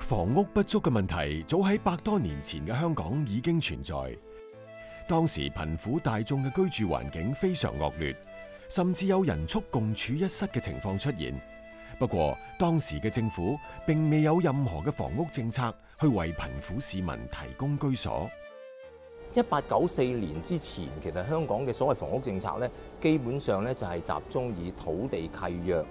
房屋不足嘅問題早喺百多年前嘅香港已經存在，當時貧苦大眾嘅居住環境非常惡劣，甚至有人畜共處一室嘅情況出現。不過當時嘅政府並未有任何嘅房屋政策去為貧苦市民提供居所。一八九四年之前，其實香港嘅所謂房屋政策咧，基本上咧就係集中以土地契約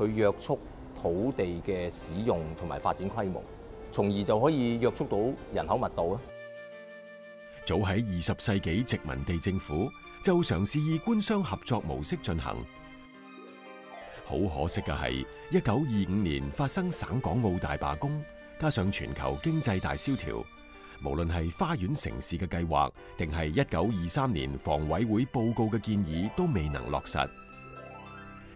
去約束。土地嘅使用同埋發展規模，從而就可以約束到人口密度啦。早喺二十世紀殖民地政府就嘗試以官商合作模式進行，好可惜嘅係一九二五年發生省港澳大罷工，加上全球經濟大蕭條，無論係花園城市嘅計劃，定係一九二三年房委會報告嘅建議，都未能落實。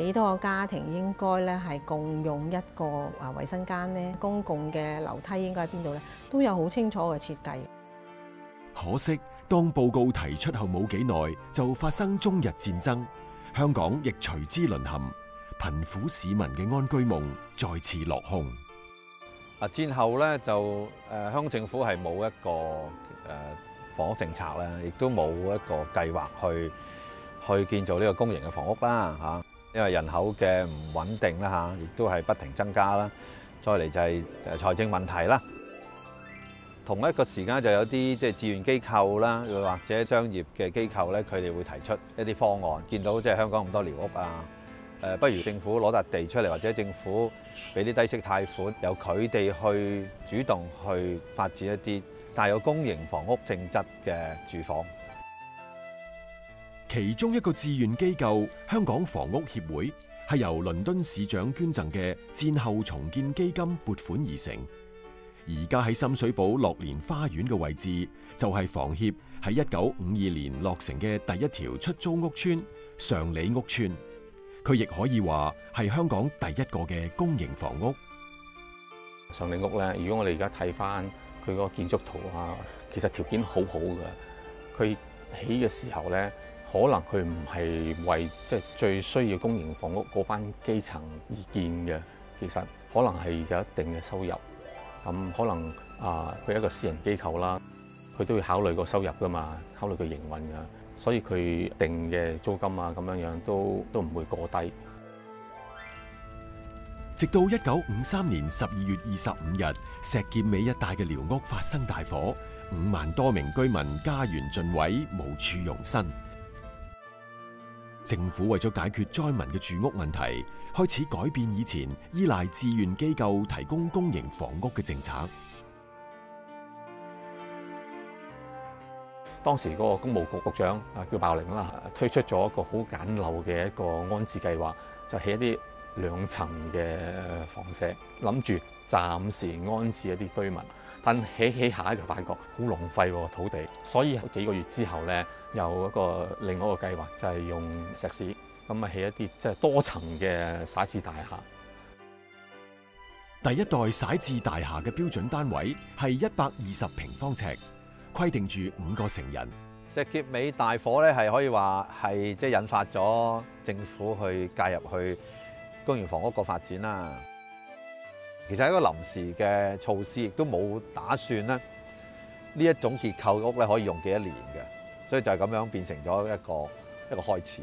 幾多個家庭應該咧係共用一個啊衞生間咧？公共嘅樓梯應該喺邊度咧？都有好清楚嘅設計。可惜，當報告提出後冇幾耐，就發生中日戰爭，香港亦隨之淪陷，貧苦市民嘅安居夢再次落空。啊，戰後咧就誒，鄉政府係冇一個誒房屋政策啦，亦都冇一個計劃去去建造呢個公營嘅房屋啦，嚇。因為人口嘅唔穩定啦吓，亦都係不停增加啦，再嚟就係財政問題啦。同一個時間就有啲即係志願機構啦，或者商業嘅機構咧，佢哋會提出一啲方案。見到即係香港咁多寮屋啊，誒，不如政府攞笪地出嚟，或者政府俾啲低息貸款，由佢哋去主動去發展一啲帶有公營房屋性質嘅住房。其中一個志願機構，香港房屋協會係由倫敦市長捐贈嘅戰後重建基金撥款而成。而家喺深水埗樂年花園嘅位置就係、是、房協喺一九五二年落成嘅第一條出租屋村，上李屋村。佢亦可以話係香港第一個嘅公營房屋上李屋咧。如果我哋而家睇翻佢個建築圖啊，其實條件好好㗎。佢起嘅時候咧。可能佢唔係為，即係最需要公營房屋嗰班基層而建嘅，其實可能係有一定嘅收入咁，可能啊，佢一個私人機構啦，佢都要考慮個收入噶嘛，考慮佢營運嘅，所以佢定嘅租金啊咁樣樣都都唔會過低。直到一九五三年十二月二十五日，石硖尾一帶嘅寮屋發生大火，五萬多名居民家園盡毀，無處容身。政府為咗解決災民嘅住屋問題，開始改變以前依賴志願機構提供公營房屋嘅政策。當時嗰個公務局局長啊叫包寧啦，推出咗一個好簡陋嘅一個安置計劃，就起一啲兩層嘅房舍，諗住暫時安置一啲居民。但起起下就發覺好浪費土地，所以幾個月之後呢。有嗰個另外一個計劃，就係、是、用石屎咁啊，起一啲即係多層嘅徙置大廈。第一代徙置大廈嘅標準單位係一百二十平方尺，規定住五個成人。石硤尾大火咧，係可以話係即係引發咗政府去介入去公營房屋個發展啦。其實係一個臨時嘅措施，亦都冇打算咧呢一種結構屋咧可以用幾多年。所以就係咁樣變成咗一個一個開始。